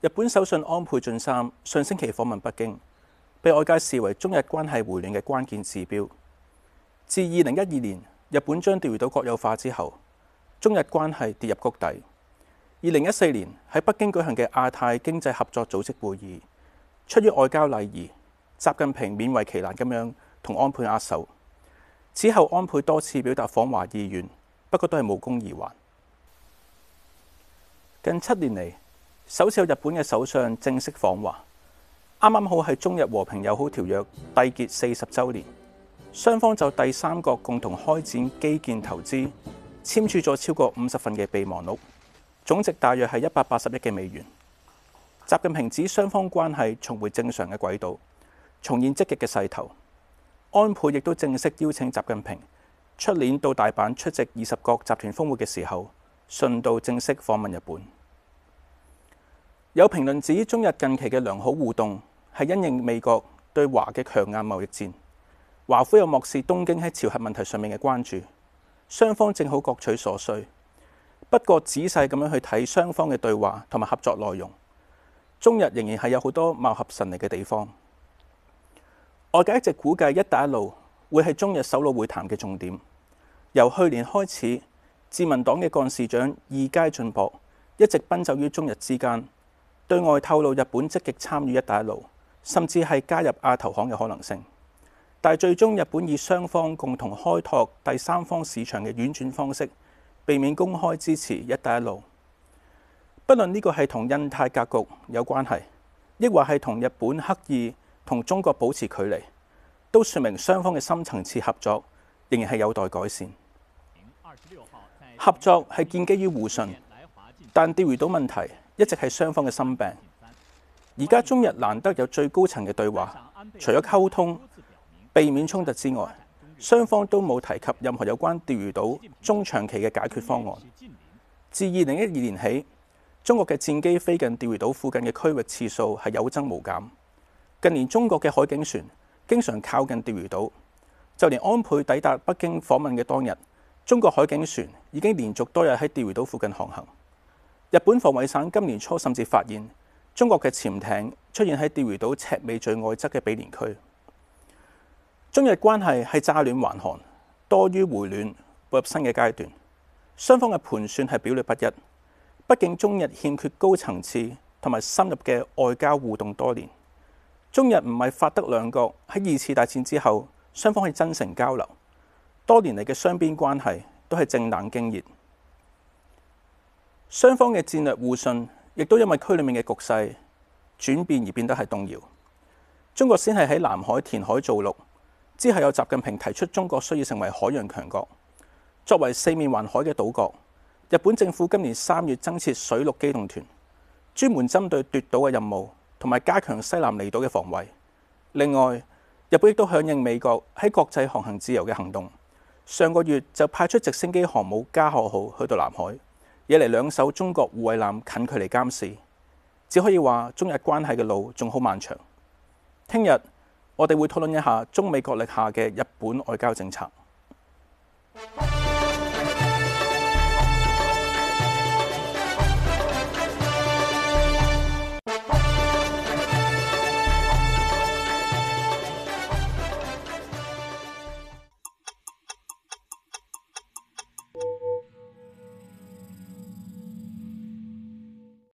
日本首相安倍晉三上星期訪問北京，被外界視為中日關係回暖嘅關鍵指標。自二零一二年日本將釣魚島國有化之後，中日關係跌入谷底。二零一四年喺北京舉行嘅亞太經濟合作組織會議，出於外交禮儀，習近平勉為其難咁樣同安倍握手。此後安倍多次表達訪華意願，不過都係無功而還。近七年嚟，首次日本嘅首相正式訪華，啱啱好係中日和平友好條約締結四十週年，雙方就第三國共同開展基建投資簽署咗超過五十份嘅備忘錄，總值大約係一百八十億嘅美元。習近平指雙方關係重回正常嘅軌道，重現積極嘅勢頭。安倍亦都正式邀請習近平出年到大阪出席二十國集團峰會嘅時候，順道正式訪問日本。有評論指，中日近期嘅良好互動係因應美國對華嘅強硬貿易戰，華府又漠視東京喺朝核問題上面嘅關注，雙方正好各取所需。不過仔細咁樣去睇雙方嘅對話同埋合作內容，中日仍然係有好多貌合神離嘅地方。外界一直估計“一帶一路”會係中日首腦會談嘅重點。由去年開始，自民黨嘅幹事長二階俊博一直奔走於中日之間。對外透露日本積極參與一帶一路，甚至係加入亞投行嘅可能性，但係最終日本以雙方共同開拓第三方市場嘅婉轉方式，避免公開支持一帶一路。不論呢個係同印太格局有關係，亦或係同日本刻意同中國保持距離，都説明雙方嘅深層次合作仍然係有待改善。合作係建基於互信，但釣魚島問題，一直係雙方嘅心病。而家中日難得有最高層嘅對話，除咗溝通、避免衝突之外，雙方都冇提及任何有關釣魚島中長期嘅解決方案。自二零一二年起，中國嘅戰機飛近釣魚島附近嘅區域次數係有增無減。近年中國嘅海警船經常靠近釣魚島，就連安倍抵達北京訪問嘅當日，中國海警船已經連續多日喺釣魚島附近航行。日本防衛省今年初甚至發現中國嘅潛艇出現喺釣魚島赤尾最外側嘅毗連區。中日關係係乍暖還寒，多於回暖步入新嘅階段。雙方嘅盤算係表裏不一，畢竟中日欠缺高層次同埋深入嘅外交互動多年。中日唔係法德兩國喺二次大戰之後，雙方係真誠交流，多年嚟嘅雙邊關係都係政冷經熱。雙方嘅戰略互信，亦都因為區裏面嘅局勢轉變而變得係動搖。中國先係喺南海填海造陸，之後有習近平提出中國需要成為海洋強國。作為四面環海嘅島國，日本政府今年三月增設水陸機動團，專門針對奪島嘅任務，同埋加強西南離島嘅防衛。另外，日本亦都響應美國喺國際航行自由嘅行動，上個月就派出直升機航母加賀號去到南海。惹嚟兩艘中國護衛艦近距離監視，只可以話中日關係嘅路仲好漫長。聽日我哋會討論一下中美角力下嘅日本外交政策。